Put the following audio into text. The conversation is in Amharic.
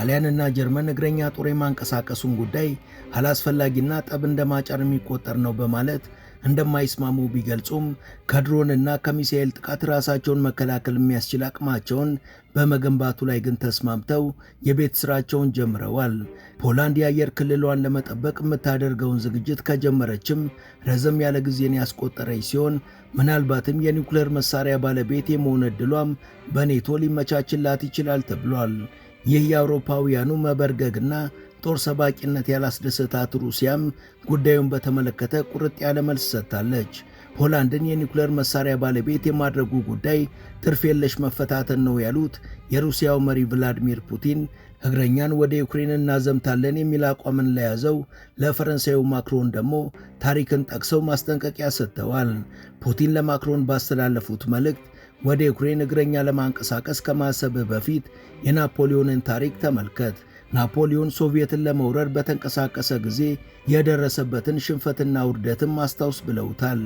ጣሊያንና ጀርመን እግረኛ ጦር የማንቀሳቀሱን ጉዳይ አላስፈላጊና ጠብ እንደማጫር የሚቆጠር ነው በማለት እንደማይስማሙ ቢገልጹም ከድሮንና ከሚሳኤል ጥቃት ራሳቸውን መከላከል የሚያስችል አቅማቸውን በመገንባቱ ላይ ግን ተስማምተው የቤት ስራቸውን ጀምረዋል። ፖላንድ የአየር ክልሏን ለመጠበቅ የምታደርገውን ዝግጅት ከጀመረችም ረዘም ያለ ጊዜን ያስቆጠረች ሲሆን ምናልባትም የኒውክሌር መሳሪያ ባለቤት የመሆን ዕድሏም በኔቶ ሊመቻችላት ይችላል ተብሏል። ይህ የአውሮፓውያኑ መበርገግና ጦር ሰባቂነት ያላስደሰታት ሩሲያም ጉዳዩን በተመለከተ ቁርጥ ያለ መልስ ሰጥታለች። ፖላንድን የኒውክሌር መሳሪያ ባለቤት የማድረጉ ጉዳይ ትርፍ የለሽ መፈታተን ነው ያሉት የሩሲያው መሪ ቭላድሚር ፑቲን እግረኛን ወደ ዩክሬን እናዘምታለን የሚል አቋምን ለያዘው ለፈረንሳዩ ማክሮን ደግሞ ታሪክን ጠቅሰው ማስጠንቀቂያ ሰጥተዋል። ፑቲን ለማክሮን ባስተላለፉት መልእክት ወደ ዩክሬን እግረኛ ለማንቀሳቀስ ከማሰብህ በፊት የናፖሊዮንን ታሪክ ተመልከት። ናፖሊዮን ሶቪየትን ለመውረር በተንቀሳቀሰ ጊዜ የደረሰበትን ሽንፈትና ውርደትም አስታውስ ብለውታል።